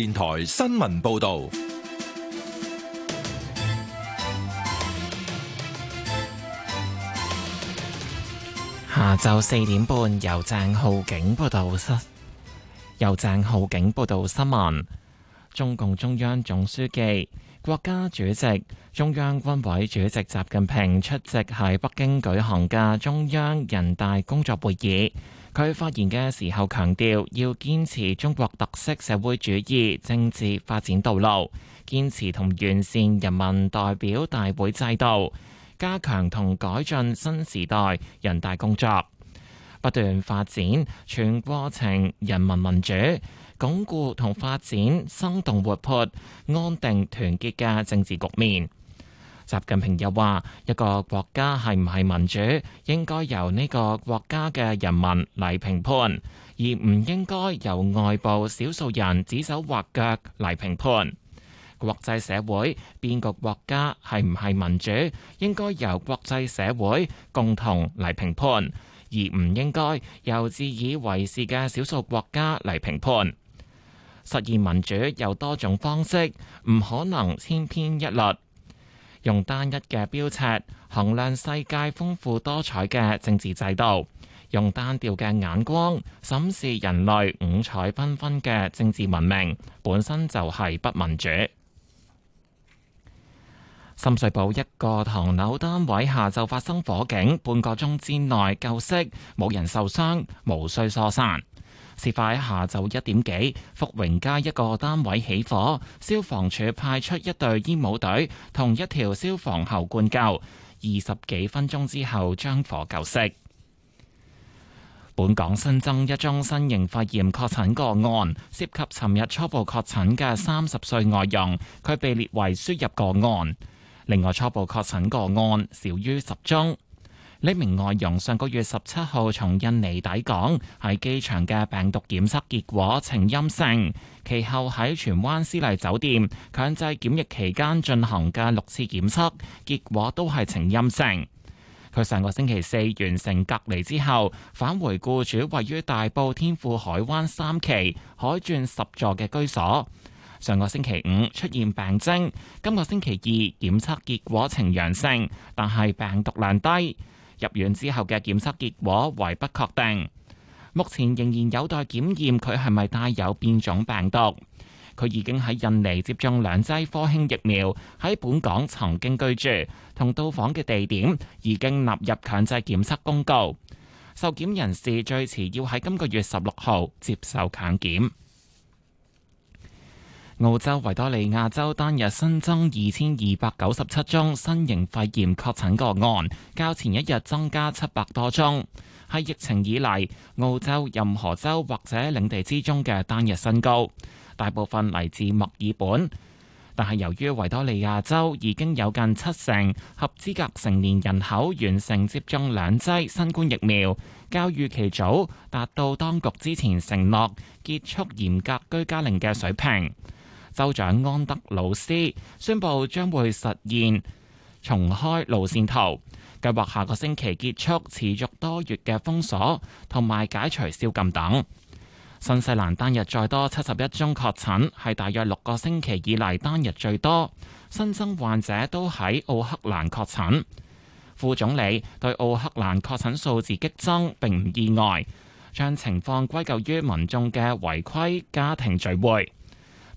電台新聞報道，下晝四點半由鄭浩景報道室，由鄭浩景報道新聞。中共中央總書記、國家主席、中央軍委主席習近平出席喺北京舉行嘅中央人大工作會議。佢發言嘅時候強調要堅持中國特色社會主義政治發展道路，堅持同完善人民代表大會制度，加強同改進新時代人大工作，不斷發展全過程人民民主，鞏固同發展生動活潑，安定團結嘅政治局面。習近平又話，一個國家係唔係民主，應該由呢個國家嘅人民嚟評判，而唔應該由外部少數人指手畫腳嚟評判。國際社會邊個國家係唔係民主，應該由國際社會共同嚟評判，而唔應該由自以為是嘅少數國家嚟評判。實現民主有多種方式，唔可能千篇一律。用單一嘅標尺衡量世界豐富多彩嘅政治制度，用單調嘅眼光審視人類五彩繽紛嘅政治文明，本身就係不民主。深水埗一個唐樓單位下晝發生火警，半個鐘之內救熄，冇人受傷，無需疏散。事發喺下晝一點幾，福榮街一個單位起火，消防處派出一隊煙霧隊同一條消防喉灌救，二十幾分鐘之後將火救熄。本港新增一宗新型肺炎確診個案，涉及尋日初步確診嘅三十歲外傭，佢被列為輸入個案。另外，初步確診個案少於十宗。呢名外傭上個月十七號從印尼抵港，喺機場嘅病毒檢測結果呈陰性，其後喺荃灣絲麗酒店強制檢疫期間進行嘅六次檢測結果都係呈陰性。佢上個星期四完成隔離之後，返回僱主位於大埔天賦海灣三期海鑽十座嘅居所。上個星期五出現病徵，今個星期二檢測結果呈陽性，但係病毒量低。入院之後嘅檢測結果為不確定，目前仍然有待檢驗佢係咪帶有變種病毒。佢已經喺印尼接種兩劑科興疫苗，喺本港曾經居住同到訪嘅地點已經納入強制檢測公告。受檢人士最遲要喺今個月十六號接受強檢。澳洲維多利亞州單日新增二千二百九十七宗新型肺炎確診個案，較前一日增加七百多宗，喺疫情以嚟澳洲任何州或者領地之中嘅單日新高。大部分嚟自墨爾本，但係由於維多利亞州已經有近七成合資格成年人口完成接種兩劑新冠疫苗，較預期早達到當局之前承諾結束嚴格居家令嘅水平。州長安德魯斯宣布將會實現重開路線圖，計劃下個星期結束持續多月嘅封鎖同埋解除宵禁等。新西蘭單日再多七十一宗確診，係大約六個星期以嚟單日最多，新增患者都喺奧克蘭確診。副總理對奧克蘭確診數字激增並唔意外，將情況歸咎於民眾嘅違規家庭聚會。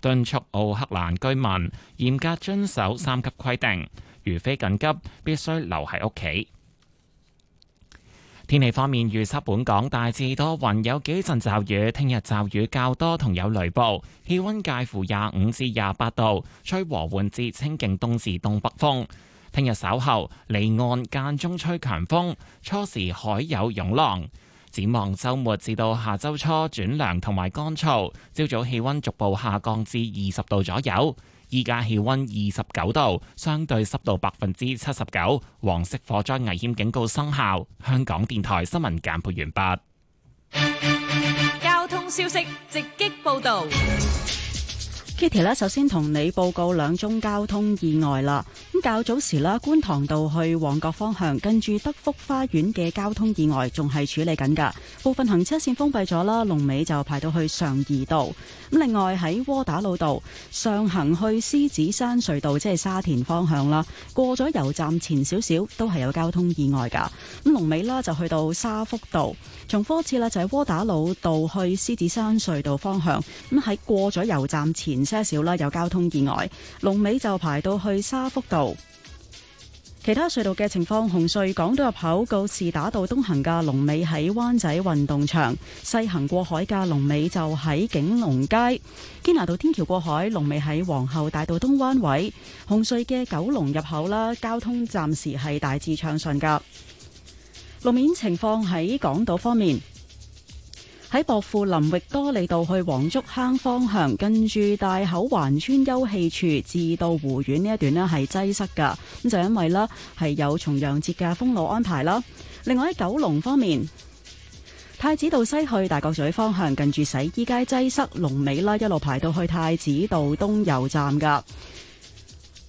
敦促奧克蘭居民嚴格遵守三級規定，如非緊急，必須留喺屋企。天氣方面預測，本港大致多雲，有幾陣驟雨。聽日驟雨較多，同有雷暴。氣温介乎廿五至廿八度，吹和緩至清勁東至東北風。聽日稍後離岸間中吹強風，初時海有湧浪。展望周末至到下周初轉涼同埋乾燥，朝早氣溫逐步下降至二十度左右，依家氣溫二十九度，相對濕度百分之七十九，黃色火災危險警告生效。香港電台新聞簡報完畢。交通消息直擊報道。Kitty 咧，Katie，首先同你報告兩宗交通意外啦。咁較早時啦，觀塘道去旺角方向，跟住德福花園嘅交通意外仲係處理緊噶，部分行車線封閉咗啦，龍尾就排到去常怡道。咁另外喺窩打老道上行去獅子山隧道，即係沙田方向啦，過咗油站前少少都係有交通意外噶。咁龍尾啦就去到沙福道，重複一次啦，就喺窩打老道去獅子山隧道方向，咁喺過咗油站前。車少啦，有交通意外，龍尾就排到去沙福道。其他隧道嘅情況，紅隧港島入口告士打道東行嘅龍尾喺灣仔運動場，西行過海嘅龍尾就喺景隆街。堅拿道天橋過海龍尾喺皇后大道東彎位。紅隧嘅九龍入口啦，交通暫時係大致暢順噶。路面情況喺港島方面。喺薄扶林域多利道去黃竹坑方向，近住大口環村休憩處至到湖苑呢一段呢，係擠塞噶，咁就因為啦，係有重陽節嘅封路安排啦。另外喺九龍方面，太子道西去大角咀方向，近住洗衣街擠塞龍尾啦，一路排到去太子道東油站噶。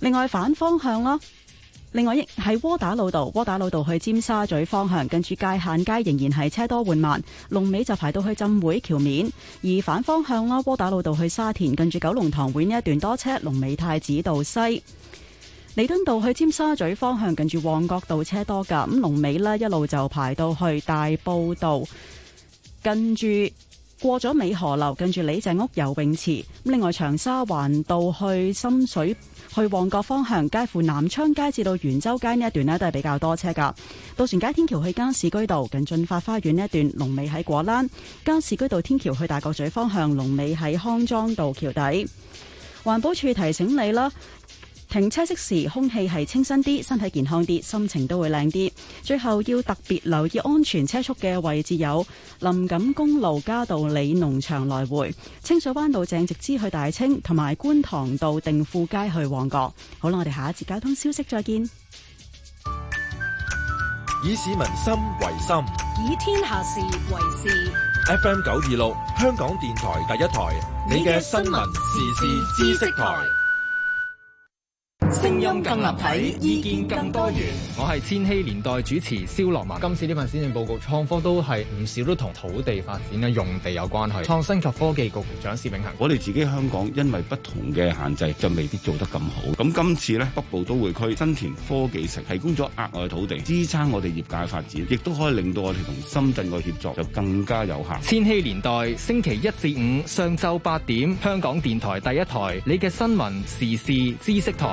另外反方向啦。另外，亦係窩打老道，窩打老道去尖沙咀方向，近住界限街仍然係車多緩慢，龍尾就排到去浸會橋面；而反方向啦，窩打老道去沙田，近住九龍塘會呢一段多車，龍尾太子道西、彌敦道去尖沙咀方向，近住旺角道車多㗎，咁龍尾呢一路就排到去大埔道，近住過咗美荷樓，近住李鄭屋游泳池。咁另外，長沙灣道去深水。去旺角方向，介乎南昌街至到元州街呢一段呢，都係比較多車噶。渡船街天橋去加士居道近駿發花園呢一段，龍尾喺果欄；加士居道天橋去大角咀方向，龍尾喺康莊道橋底。環保處提醒你啦。停車熄匙，空氣係清新啲，身體健康啲，心情都會靚啲。最後要特別留意安全車速嘅位置有林錦公路嘉道理農場來回、清水灣道正直支去大清，同埋觀塘道定富街去旺角。好啦，我哋下一節交通消息，再見。以市民心為心，以天下事為事。FM 九二六，香港電台第一台，你嘅新聞時事知識台。聲音更立體，意見更多元。我係千禧年代主持蕭樂文。今次呢份施政報告，創科都係唔少都同土地發展嘅用地有關係。創新及科技局局長薛永恆。我哋自己香港因為不同嘅限制，就未必做得咁好。咁今次呢，北部都會區新田科技城，提供咗額外土地，支撐我哋業界發展，亦都可以令到我哋同深圳嘅協作就更加有效。千禧年代星期一至五上晝八點，香港電台第一台，你嘅新聞時事知識台。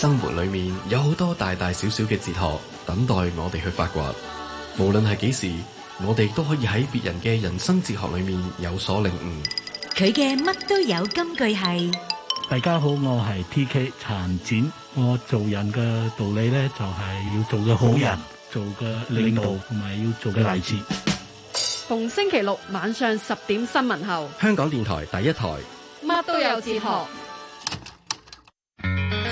生活裏面有好多大大小小嘅哲學，等待我哋去發掘。無論係幾時，我哋都可以喺別人嘅人生哲學裏面有所領悟。佢嘅乜都有根據。係，大家好，我係 TK 陳展，我做人嘅道理呢就係要做個好人，做個領導同埋要做嘅例子。逢星期六晚上十點新聞後，香港電台第一台乜都有哲學。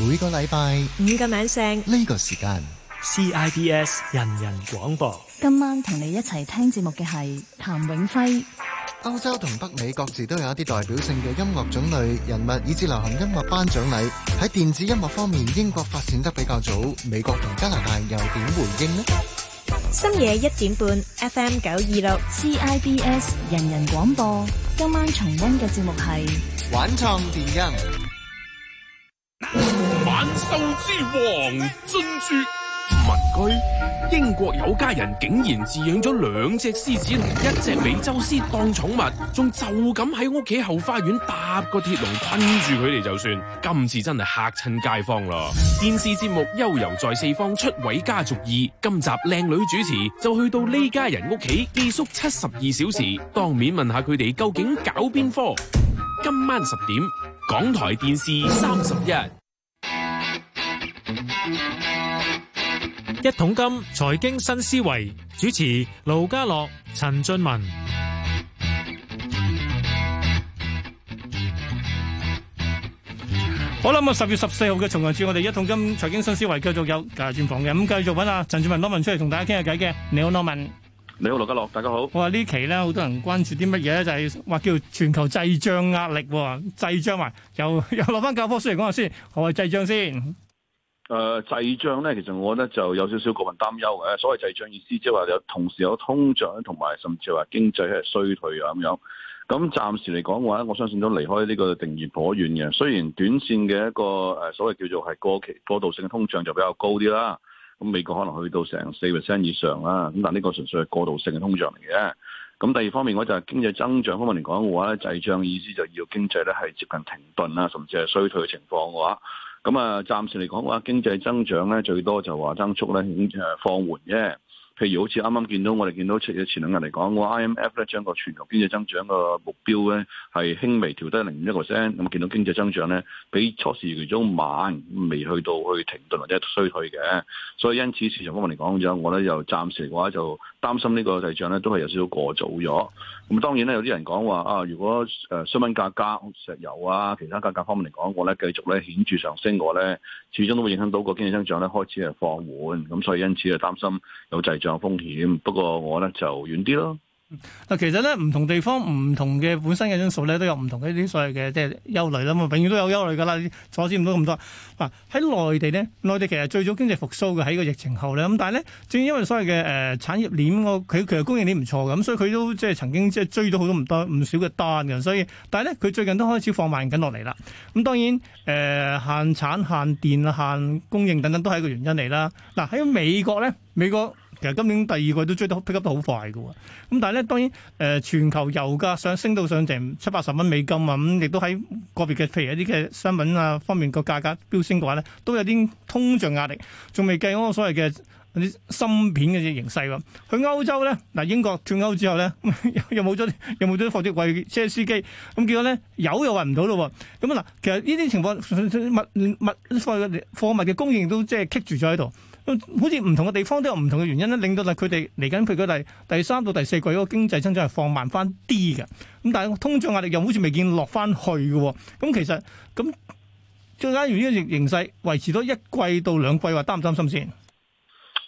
每個禮拜五個晚上呢個時間 CIBS 人人廣播。今晚同你一齊聽節目嘅係譚永輝。歐洲同北美各自都有一啲代表性嘅音樂種類人物，以至流行音樂頒獎禮。喺電子音樂方面，英國發展得比較早，美國同加拿大又點回應呢？深夜一點半，FM 九二六，CIBS 人人廣播。今晚重溫嘅節目係玩創電音。百獸之王進駐民居，英國有家人竟然飼養咗兩隻獅子，同一隻美洲獅當寵物，仲就咁喺屋企後花園搭個鐵籠困住佢哋就算。今次真係吓親街坊啦！電視節目《悠遊在四方》出位家族二。今集靚女主持就去到呢家人屋企寄宿七十二小時，當面問下佢哋究竟搞邊科。今晚十點，港台電視三十一。一桶金財經新思維，主持盧家樂、陳俊文。好啦，咁、嗯、十月十四號嘅重陽節，我哋一桶金財經新思維繼續有隔日專訪嘅，咁繼續揾啊陳俊文 Norman 出嚟同大家傾下偈嘅，你好 Norman，你好盧家樂，大家好。我話呢期咧，好多人關注啲乜嘢咧？就係、是、話叫全球滯脹壓力，滯脹埋又又攞返教科書嚟講下滯脹先，何為滯脹先？誒，滯脹咧，其實我覺得就有少少過分擔憂嘅。所謂滯脹意思之，即係話有同時有通脹，同埋甚至話經濟係衰退啊咁樣。咁暫時嚟講嘅話咧，我相信都離開呢個定義好遠嘅。雖然短線嘅一個誒、呃、所謂叫做係過期過渡性嘅通脹就比較高啲啦。咁美國可能去到成四 percent 以上啦。咁但呢個純粹係過渡性嘅通脹嚟嘅。咁第二方面，我就係經濟增長方面嚟講嘅話咧，滯脹意思就要經濟咧係接近停頓啦，甚至係衰退嘅情況嘅話。咁啊暫時嚟講話經濟增長咧，最多就話增速咧已經係放緩啫。譬如好似啱啱見到我哋見到前嘅兩日嚟講，我 IMF 咧將個全球經濟增長個目標咧係輕微調低零點一個 percent。咁見到經濟增長咧，比初時期中慢，未去到去停頓或者衰退嘅。所以因此市場方面嚟講，咁我咧又暫時嘅話就擔心呢個滯脹咧都係有少少過早咗。咁當然咧有啲人講話啊，如果誒商品價格、石油啊、其他價格方面嚟講，我咧繼續咧顯著上升，嘅我咧始終都會影響到個經濟增長咧開始係放緩。咁所以因此就擔心有滯脹。有風險，不過我咧就遠啲咯。嗱，其實咧唔同地方唔同嘅本身嘅因素咧，都有唔同嘅呢啲所謂嘅即係憂慮啦。咁啊，永遠都有憂慮噶啦，阻止唔到咁多嗱。喺、啊、內地呢，內地其實在最早經濟復甦嘅喺個疫情後咧，咁但係咧正因為所謂嘅誒、呃、產業鏈佢其實供應鏈唔錯咁，所以佢都即係曾經即係追到好多唔多唔少嘅單嘅。所以但係咧，佢最近都開始放慢緊落嚟啦。咁當然誒、呃、限產、限電、限供應等等都係一個原因嚟啦。嗱、啊、喺美國咧，美國。其實今年第二季都追得 pick up 得好快嘅，咁但係咧當然誒、呃、全球油價上升到上成七八十蚊美金、嗯、也在在啊，咁亦都喺個別嘅譬如一啲嘅商品啊方面個價格飆升嘅話咧，都有啲通脹壓力，仲未計嗰個所謂嘅啲、啊、芯片嘅形勢咁。去歐洲咧，嗱、啊、英國脱歐之後咧， 又冇咗，又冇咗啲貨櫃車司機，咁結果咧油又運唔到咯。咁、啊、嗱，其實呢啲情況物物貨物嘅供應都即係棘住咗喺度。好似唔同嘅地方都有唔同嘅原因咧，令到咧佢哋嚟緊，譬佢第第三到第四季嗰個經濟增長係放慢翻啲嘅。咁但係通脹壓力又好似未見落翻去嘅。咁其實咁，最緊要呢個形勢維持多一季到兩季，話擔唔擔心先？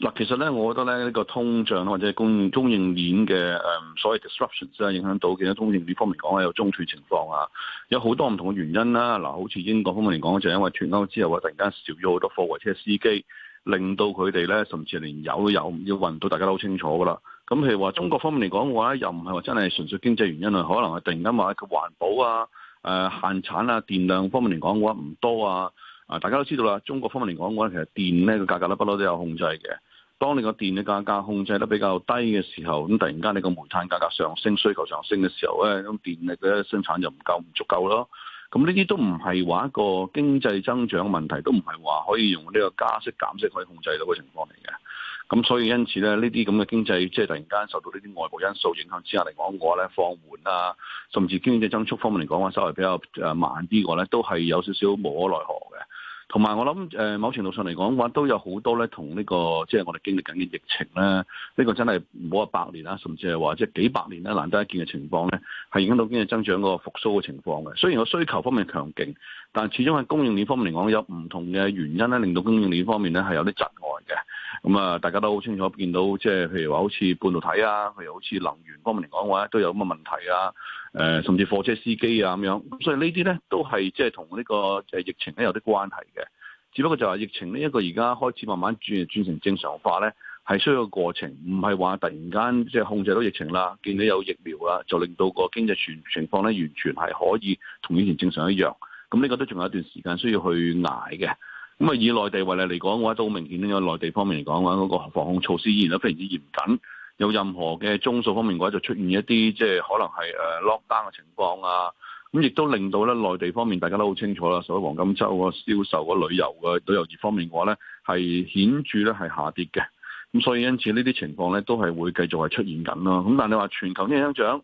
嗱，其實咧，我覺得咧，呢個通脹或者係供應鏈嘅誒，所謂 disruptions 啊，影響到其他供應鏈方面講啊，有中斷情況啊，有好多唔同嘅原因啦。嗱，好似英國方面嚟講，就係因為脱歐之後啊，突然間少咗好多貨櫃車司機。令到佢哋咧，甚至係連有都有，要運到大家都好清楚噶啦。咁譬如話中國方面嚟講嘅話，又唔係話真係純粹經濟原因啊，可能係突然間話佢環保啊、誒限產啊、電量方面嚟講嘅話唔多啊。啊，大家都知道啦，中國方面嚟講嘅話，其實電咧個價格咧不嬲都有控制嘅。當你個電嘅價格控制得比較低嘅時候，咁突然間你個煤炭價格上升，需求上升嘅時候咧，咁電力嘅生產就唔夠唔足夠咯。咁呢啲都唔係話一個經濟增長問題，都唔係話可以用呢個加息減息可以控制到嘅情況嚟嘅。咁所以因此咧，呢啲咁嘅經濟即係突然間受到呢啲外部因素影響之下嚟講嘅話咧，放緩啦，啊，甚至經濟增速方面嚟講話稍微比較誒慢啲嘅話咧，都係有少少無可奈何。同埋我諗，誒、呃、某程度上嚟講嘅話，都有好多咧，同呢、呢個即係我哋經歷緊嘅疫情咧，呢、呢個真係唔好話百年啦，甚至係話即係幾百年呢，難得一見嘅情況咧，係影響到經濟增長嗰個復甦嘅情況嘅。雖然個需求方面強勁，但始終喺供應鏈方面嚟講，有唔同嘅原因咧，令到供應鏈方面咧係有啲窒礙嘅。咁、嗯、啊，大家都好清楚見到，即係譬如話好似半導體啊，譬如好似能源方面嚟講嘅話，都有咁嘅問題啊。誒、呃，甚至貨車司機啊咁樣，所以呢啲咧都係即係同呢個誒、就是、疫情咧有啲關係嘅。只不過就話疫情呢一個而家開始慢慢轉轉成正常化咧，係需要個過程，唔係話突然間即係控制到疫情啦，見到有疫苗啦就令到個經濟全情況咧完全係可以同以前正常一樣。咁呢個都仲有一段時間需要去捱嘅。咁啊以內地為例嚟講嘅話，都好明顯，因為內地方面嚟講嘅話，嗰、那個防控措施依然都非常之嚴謹。有任何嘅宗數方面嘅話，就出現一啲即係可能係誒 lockdown 嘅情況啊，咁亦都令到咧內地方面大家都好清楚啦。所以黃金周啊、銷售、嘅旅遊嘅旅遊業方面嘅話咧，係顯著咧係下跌嘅。咁所以因此呢啲情況咧都係會繼續係出現緊啦。咁但係你話全球呢個增長，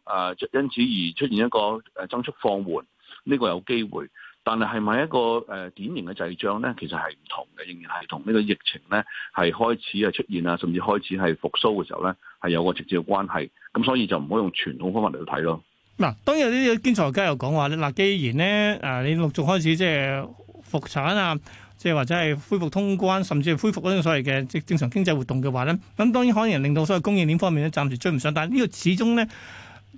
因此而出現一個誒增速放緩，呢個有機會。但係係咪一個誒典型嘅滯脹咧？其實係唔同嘅，仍然係同呢個疫情咧係開始啊出現啊，甚至開始係復甦嘅時候咧，係有個直接嘅關係。咁所以就唔好用傳統方法嚟去睇咯。嗱，當然有啲經濟學家又講話咧。嗱，既然咧誒你陸續開始即係復產啊，即係或者係恢復通關，甚至係恢復嗰種所謂嘅即正常經濟活動嘅話咧，咁當然可能令到所謂供應鏈方面咧暫時追唔上，但係呢個始終咧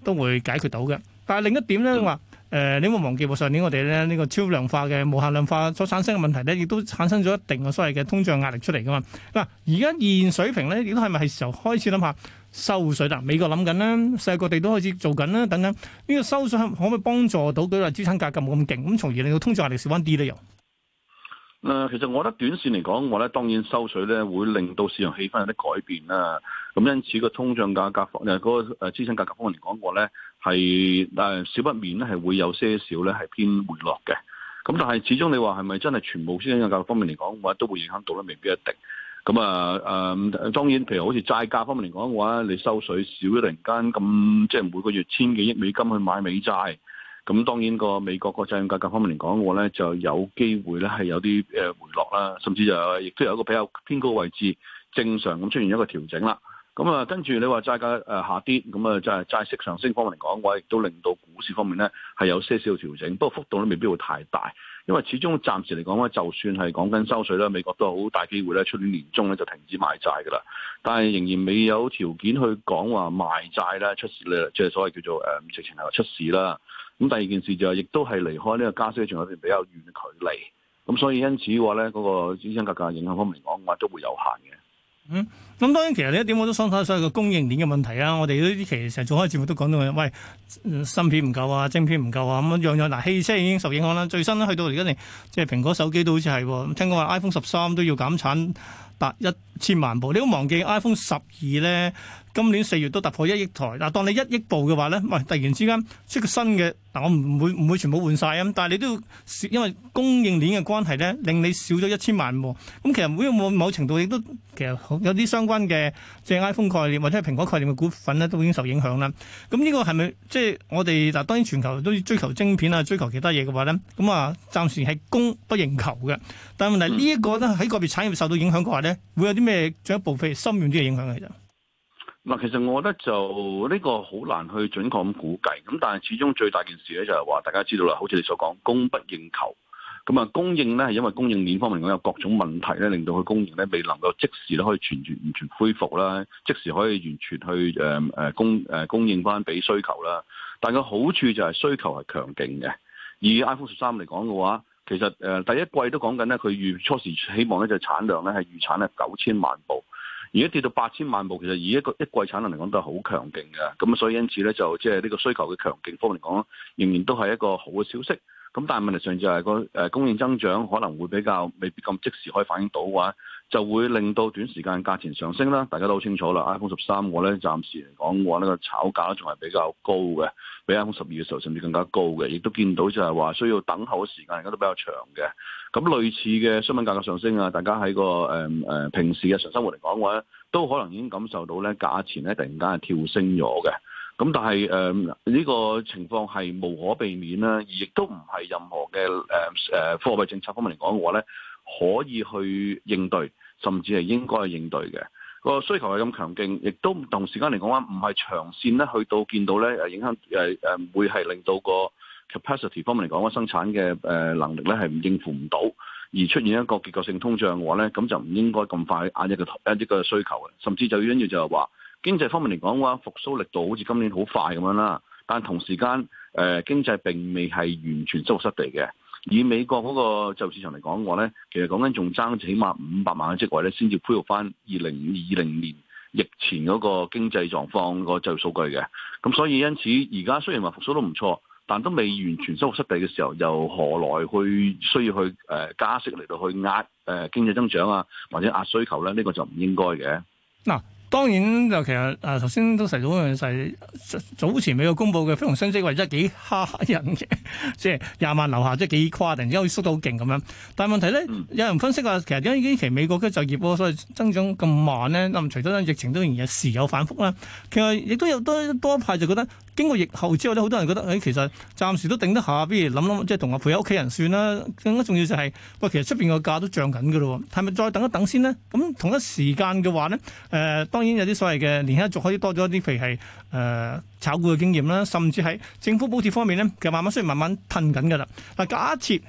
都會解決到嘅。但係另一點咧話。嗯誒、呃，你冇忘記上年我哋咧呢、這個超量化嘅無限量化所產生嘅問題咧，亦都產生咗一定嘅所謂嘅通脹壓力出嚟噶嘛？嗱，而家現水平咧，亦都係咪係時候開始諗下收水啦？美國諗緊啦，世界各地都開始做緊啦，等等。呢、這個收水可唔可以幫助到嗰個資產價格冇咁勁，咁從而令到通脹壓力少返啲呢？又？.嗱、呃，其實我覺得短線嚟講嘅話咧，當然收水咧會令到市場氣氛有啲改變啦、啊。咁因此個通脹價格方，嗰、呃那個誒資產價格方面嚟講嘅話咧，係誒少不免咧係會有些少咧係偏回落嘅。咁但係始終你話係咪真係全部資產價格方面嚟講嘅話，都會影響到咧，未必一定。咁啊誒，當然譬如好似債價方面嚟講嘅話，你收水少咗，突然間咁即係每個月千幾億美金去買美債。咁當然個美國嘅債券價格方面嚟講嘅話咧，就有機會咧係有啲誒回落啦，甚至就亦都有一個比較偏高位置，正常咁出現一個調整啦。咁啊，跟住你話債價誒下跌，咁啊就係債息上升方面嚟講嘅話亦都令到股市方面咧係有些少調整，不過幅度都未必會太大，因為始終暫時嚟講咧，就算係講緊收水啦，美國都好大機會咧出年年中咧就停止買債噶啦，但係仍然未有條件去講話賣債啦，出事呢，即係所謂叫做誒直情係話出事啦。咁第二件事就係、是，亦都係離開呢個加水場嗰邊比較遠嘅距離，咁所以因此嘅話咧，嗰、那個紙張價格影響方面講嘅話，都會有限嘅、嗯。嗯，咁當然其實呢一點我都想睇下所有個供應鏈嘅問題啦、啊。我哋呢啲其實做開節目都講到，喂，芯片唔夠啊，晶片唔夠啊，咁樣樣嗱、啊，汽車已經受影響啦。最新去到而家你即係蘋果手機都好似係，聽講話 iPhone 十三都要減產達一千萬部。你都忘記 iPhone 十二咧？今年四月都突破一億台，嗱，當你一億部嘅話咧，喂，突然之間出個新嘅，嗱，我唔會唔會全部換晒。但你都要，因為供應鏈嘅關係咧，令你少咗一千萬喎。咁其實每一個某程度亦都其實有啲相關嘅，即係 iPhone 概念或者係蘋果概念嘅股份咧，都已經受影響啦。咁呢個係咪即係我哋嗱？當然全球都要追求晶片啊，追求其他嘢嘅話咧，咁啊，暫時係供不應求嘅。但係問題呢一個咧，喺個別產業受到影響嘅話咧，會有啲咩進一步譬如深遠啲嘅影響嘅其實嗱，其實我覺得就呢個好難去準確咁估計，咁但係始終最大件事咧就係話大家知道啦，好似你所講供不應求，咁啊供應咧係因為供應鏈方面有各種問題咧，令到佢供應咧未能夠即時咧可以完全完全恢復啦，即時可以完全去誒誒供誒供應翻俾需求啦。但係個好處就係需求係強勁嘅，而 iPhone 十三嚟講嘅話，其實誒第一季都講緊咧，佢預初時希望咧就產量咧係預產係九千萬部。而家跌到八千萬部，其實以一個一季產量嚟講都係好強勁嘅，咁所以因此咧就即係呢個需求嘅強勁方面嚟講，仍然都係一個好嘅消息。咁但係問題上就係個誒供應增長可能會比較未必咁即時可以反映到嘅話，就會令到短時間價錢上升啦。大家都好清楚啦，iPhone 十三我咧暫時嚟講，話呢個炒價仲係比較高嘅，比 iPhone 十二嘅時候甚至更加高嘅，亦都見到就係話需要等候嘅時間而家都比較長嘅。咁類似嘅商品價格上升啊，大家喺個誒平時日常生活嚟講嘅話，都可能已經感受到咧價錢咧突然間係跳升咗嘅。咁但係誒呢個情況係無可避免啦，而亦都唔係任何嘅誒誒貨幣政策方面嚟講嘅話咧，可以去應對，甚至係應該去應對嘅、個需求係咁強勁，亦都同時間嚟講話唔係長線咧，去到見到咧影響誒誒，會係令到個 capacity 方面嚟講嘅生產嘅能力咧係唔應付唔到，而出現一個結構性通脹嘅話咧，咁就唔應該咁快壓一個壓一個需求嘅，甚至就跟住就係話。經濟方面嚟講嘅話，復甦力度好似今年好快咁樣啦。但同時間，誒、呃、經濟並未係完全收復失地嘅。以美國嗰個就業市場嚟講嘅話咧，其實講緊仲爭，起碼五百萬嘅職位咧，先至恢復翻二零二零年疫前嗰個經濟狀況個就業數據嘅。咁所以因此，而家雖然話復甦都唔錯，但都未完全收復失地嘅時候，又何來去需要去誒加息嚟到去壓誒、呃、經濟增長啊，或者壓需求咧？呢、這個就唔應該嘅。嗱。啊。當然就其實誒頭先都提到一樣事，早前美國公佈嘅非農新增職位真係幾嚇人嘅，即係廿萬樓下即係幾誇人，而且縮到好勁咁樣。但係問題咧，嗯、有人分析話其實點解呢期美國嘅就業波所以增長咁慢咧，咁除咗咧疫情都仍然時有反覆啦。其實亦都有多多一派就覺得。經過疫後之後咧，好多人覺得，誒、哎、其實暫時都頂得下，不如諗諗，即係同阿陪喺屋企人算啦。更加重要就係，喂，其實出邊個價都漲緊嘅咯，係咪再等一等先呢？咁、嗯、同一時間嘅話呢，誒、呃、當然有啲所謂嘅年輕一族可以多咗一啲，譬如係誒、呃、炒股嘅經驗啦，甚至喺政府補貼方面呢，其實慢慢雖然慢慢褪緊嘅啦。嗱，假設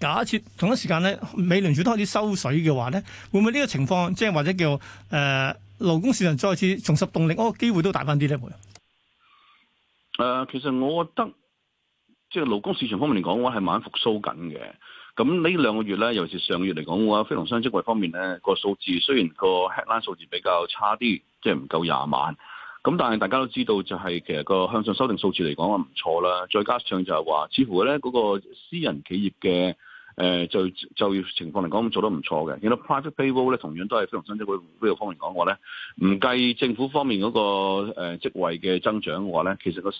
假設同一時間呢，美聯儲都開始收水嘅話呢，會唔會呢個情況，即係或者叫誒、呃、勞工市場再次重拾動力，個機會都大翻啲呢。誒、呃，其實我覺得即係勞工市場方面嚟講嘅話，係慢慢復蘇緊嘅。咁呢兩個月咧，尤其上個月嚟講嘅話，非農新增職位方面咧，個數字雖然個 headline 數字比較差啲，即係唔夠廿萬。咁但係大家都知道，就是，就係其實個向上修訂數字嚟講啊，唔錯啦。再加上就係話，似乎咧，嗰個私人企業嘅。誒、呃、就就業情況嚟講，做得唔錯嘅。見到 private payroll 咧，同樣都係非常新。即係會呢個方面講嘅話咧，唔計政府方面嗰、那個、呃、職位嘅增長嘅話咧，其實個私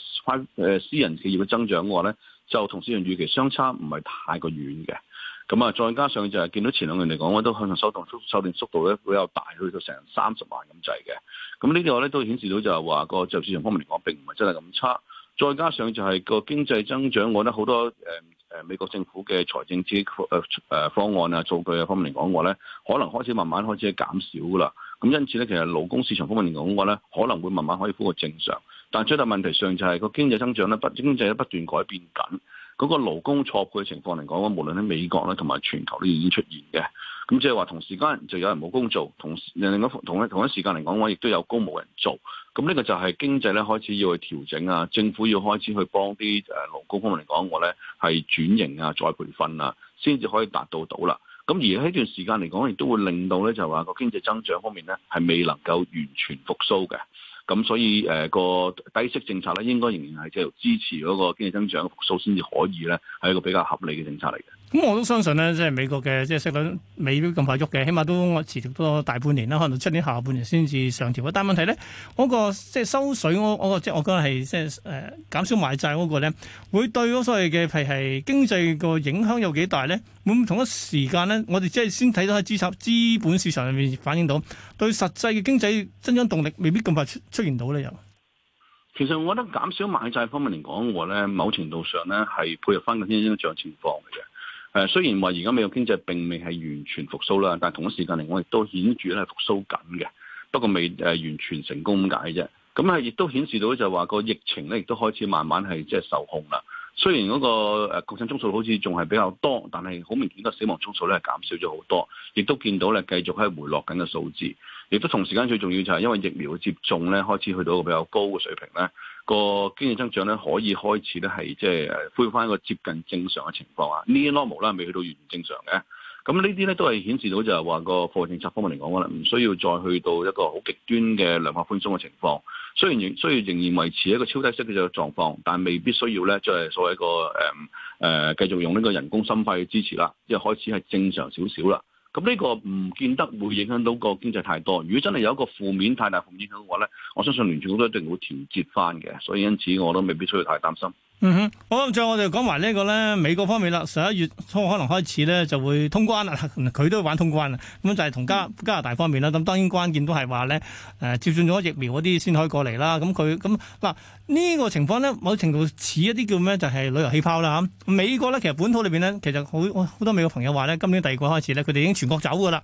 私人企業嘅增長嘅話咧，就同市場預期相差唔係太過遠嘅。咁啊，再加上就係、是、見到前兩年嚟講，我都向上收動收收訂速度咧比較大，去到成三十萬咁滯嘅。咁呢個咧都顯示到就係話個就市場方面嚟講並唔係真係咁差。再加上就係個經濟增長話呢，我覺得好多、呃誒，美國政府嘅財政資誒誒方案啊數據啊方面嚟講話咧，可能開始慢慢開始減少啦。咁因此咧，其實勞工市場方面嚟講話咧，可能會慢慢可以恢復正常。但最大到問題上就係、是、個經濟增長咧，不經濟咧不斷改變緊。嗰、那個勞工錯配嘅情況嚟講，無論喺美國咧同埋全球都已經出現嘅。咁即係話同時間就有人冇工做，同另一同一同一時間嚟講嘅話，亦都有工冇人做。咁呢個就係經濟咧開始要去調整啊，政府要開始去幫啲誒勞工方面嚟講，我咧係轉型啊、再培訓啊，先至可以達到到啦。咁而喺呢段時間嚟講，亦都會令到咧就話個經濟增長方面咧係未能夠完全復甦嘅。咁所以誒、呃那個低息政策咧，應該仍然係繼續支持嗰個經濟增長嘅復甦，先至可以咧係一個比較合理嘅政策嚟嘅。咁我都相信咧，即係美國嘅即係息率，未必咁快喐嘅，起碼都我持續多大半年啦，可能到出年下半年先至上調。但係問題咧，嗰、嗰個即係收水，我我即係我覺得係即係誒減少買債嗰個咧，會對嗰所謂嘅係係經濟個影響有幾大咧？唔同一時間咧，我哋即係先睇到喺資產、資本市場裏面反映到，對實際嘅經濟增長動力未必咁快出，出現到咧。又其實我覺得減少買債方面嚟講，我話咧某程度上咧係配合翻嗰啲咁樣情況嘅。誒，雖然話而家美國經濟並未係完全復甦啦，但係同一時間嚟講，亦都顯著咧係復甦緊嘅。不過未誒完全成功咁解啫。咁係亦都顯示到就話個疫情咧，亦都開始慢慢係即係受控啦。雖然嗰個誒確診宗數好似仲係比較多，但係好明顯得死亡宗數咧係減少咗好多，亦都見到咧繼續喺回落緊嘅數字。亦都同時間最重要就係因為疫苗嘅接種咧，開始去到一個比較高嘅水平咧。個經濟增長咧可以開始咧係即係恢復翻一個接近正常嘅情況啊 near normal 啦，未去到完全正常嘅，咁呢啲咧都係顯示到就係話個貨幣政策方面嚟講，可能唔需要再去到一個好極端嘅量化寬鬆嘅情況。雖然仍需要仍然維持一個超低息嘅狀況，但未必需要咧、就係、所謂一個誒誒、嗯呃、繼續用呢個人工心肺去支持啦，即係開始係正常少少啦。咁呢個唔見得會影響到個經濟太多，如果真係有一個負面太大負面影響嘅話咧，我相信聯儲局都一定會調節翻嘅，所以因此我都未必需要太擔心。嗯哼，好，再我哋講埋呢個咧，美國方面啦，十一月初可能開始咧就會通關啦，佢都會玩通關啦，咁就係同加加拿大方面啦，咁當然關鍵都係話咧，誒、呃，接種咗疫苗嗰啲先可以過嚟啦，咁佢咁嗱呢個情況咧，某程度似一啲叫咩就係、是、旅遊氣泡啦吓、啊，美國咧其實本土裏邊咧，其實好好多美國朋友話咧，今年第二個開始咧，佢哋已經全國走噶啦，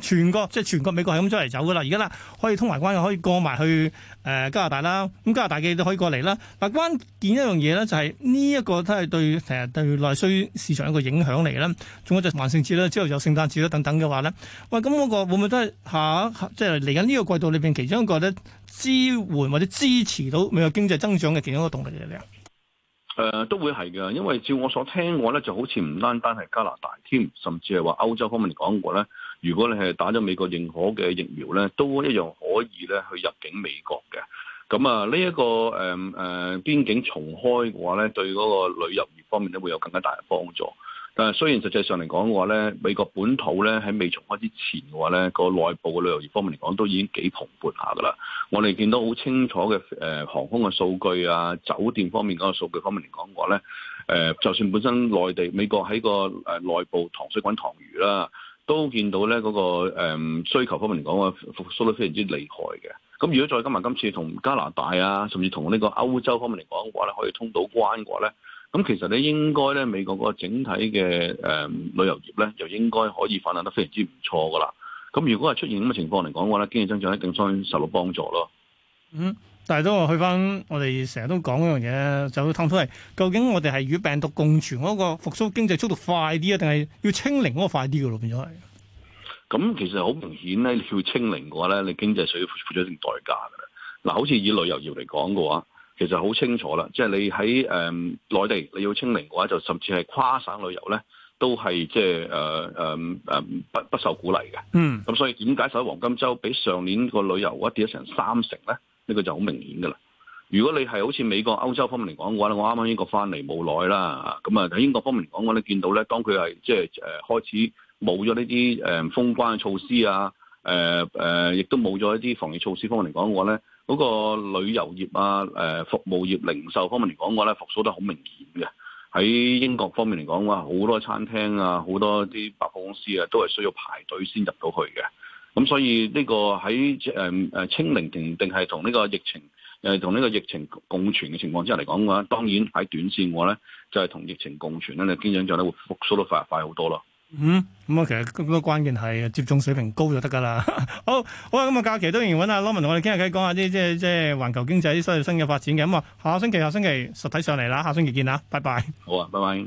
全國即係全國美國係咁出嚟走噶啦，而家啦可以通埋關，可以過埋去誒、呃、加拿大啦，咁加拿大嘅都可以過嚟啦，嗱關鍵一樣嘢咧。就係呢一個都係對誒對內需市場一個影響嚟啦。仲有就萬聖節啦，之後就聖誕節啦，等等嘅話咧，喂，咁嗰個會唔會都係、啊就是、下即係嚟緊呢個季度裏邊其中一個咧支援或者支持到美國經濟增長嘅其中一個動力嚟咧？誒、呃，都會係嘅，因為照我所聽的話咧，就好似唔單單係加拿大添，甚至係話歐洲方面講過咧，如果你係打咗美國認可嘅疫苗咧，都一樣可以咧去入境美國嘅。咁啊，呢、這、一個誒誒邊境重開嘅話咧，對嗰個旅遊業方面咧，會有更加大嘅幫助。但係雖然實際上嚟講嘅話咧，美國本土咧喺未重開之前嘅話咧，個內部嘅旅遊業方面嚟講，都已經幾蓬勃下噶啦。我哋見到好清楚嘅誒、呃、航空嘅數據啊，酒店方面嗰個數據方面嚟講嘅話咧、呃，就算本身內地美國喺個誒內部糖水滾糖漿啦，都見到咧嗰、那個、呃、需求方面嚟講嘅復甦得非常之厲害嘅。咁如果再加埋今次同加拿大啊，甚至同呢個歐洲方面嚟講嘅話咧，可以通到關嘅話咧，咁其實咧應該咧美國嗰個整體嘅旅遊業咧，就應該可以發展得非常之唔錯噶啦。咁如果係出現咁嘅情況嚟講嘅話咧，經濟增長一定相當受到幫助咯。嗯，但係都話去翻我哋成日都講一樣嘢，就探討係究竟我哋係與病毒共存嗰個復甦經濟速度快啲啊，定係要清零嗰個快啲嘅咯，變咗咁、嗯、其實好明顯咧，你要清零嘅話咧，你經濟上要付出一定代價嘅啦。嗱，好似以旅遊業嚟講嘅話，其實好清楚啦，即係你喺誒、嗯、內地你要清零嘅話，就甚至係跨省旅遊咧，都係即係誒、呃呃、不不受鼓勵嘅。嗯。咁所以點解喺黃金週比上年個旅遊一跌咗成三成咧？呢、這個就好明顯嘅啦。如果你係好似美國、歐洲方面嚟講嘅話咧，我啱啱英國翻嚟冇耐啦，咁啊喺英國方面嚟講你見到咧，當佢係即係誒開始，冇咗呢啲誒封關嘅措施啊，誒、呃、誒，亦、呃、都冇咗一啲防疫措施方面嚟講嘅話咧，嗰、嗰個旅遊業啊、呃、服務業、零售方面嚟講嘅話咧，復甦得好明顯嘅。喺英國方面嚟講嘅話，好多餐廳啊，好多啲百貨公司啊，都係需要排隊先入到去嘅。咁所以呢個喺誒清零停定定係同呢個疫情同呢個疫情共存嘅情況之下嚟講嘅話，當然喺短線嘅話咧，就係、是、同疫情共存咧，你經濟上咧會復甦得快快好多咯。嗯，咁啊，其實都關鍵係接種水平高就得噶啦。好好啊，咁啊，假期都仍然搵阿 Lorman 同我哋傾下偈，講下啲即係即係環球經濟啲新嘅發展嘅。咁、嗯、啊，下星期下星期實體上嚟啦，下星期見啦，拜拜。好啊，拜拜。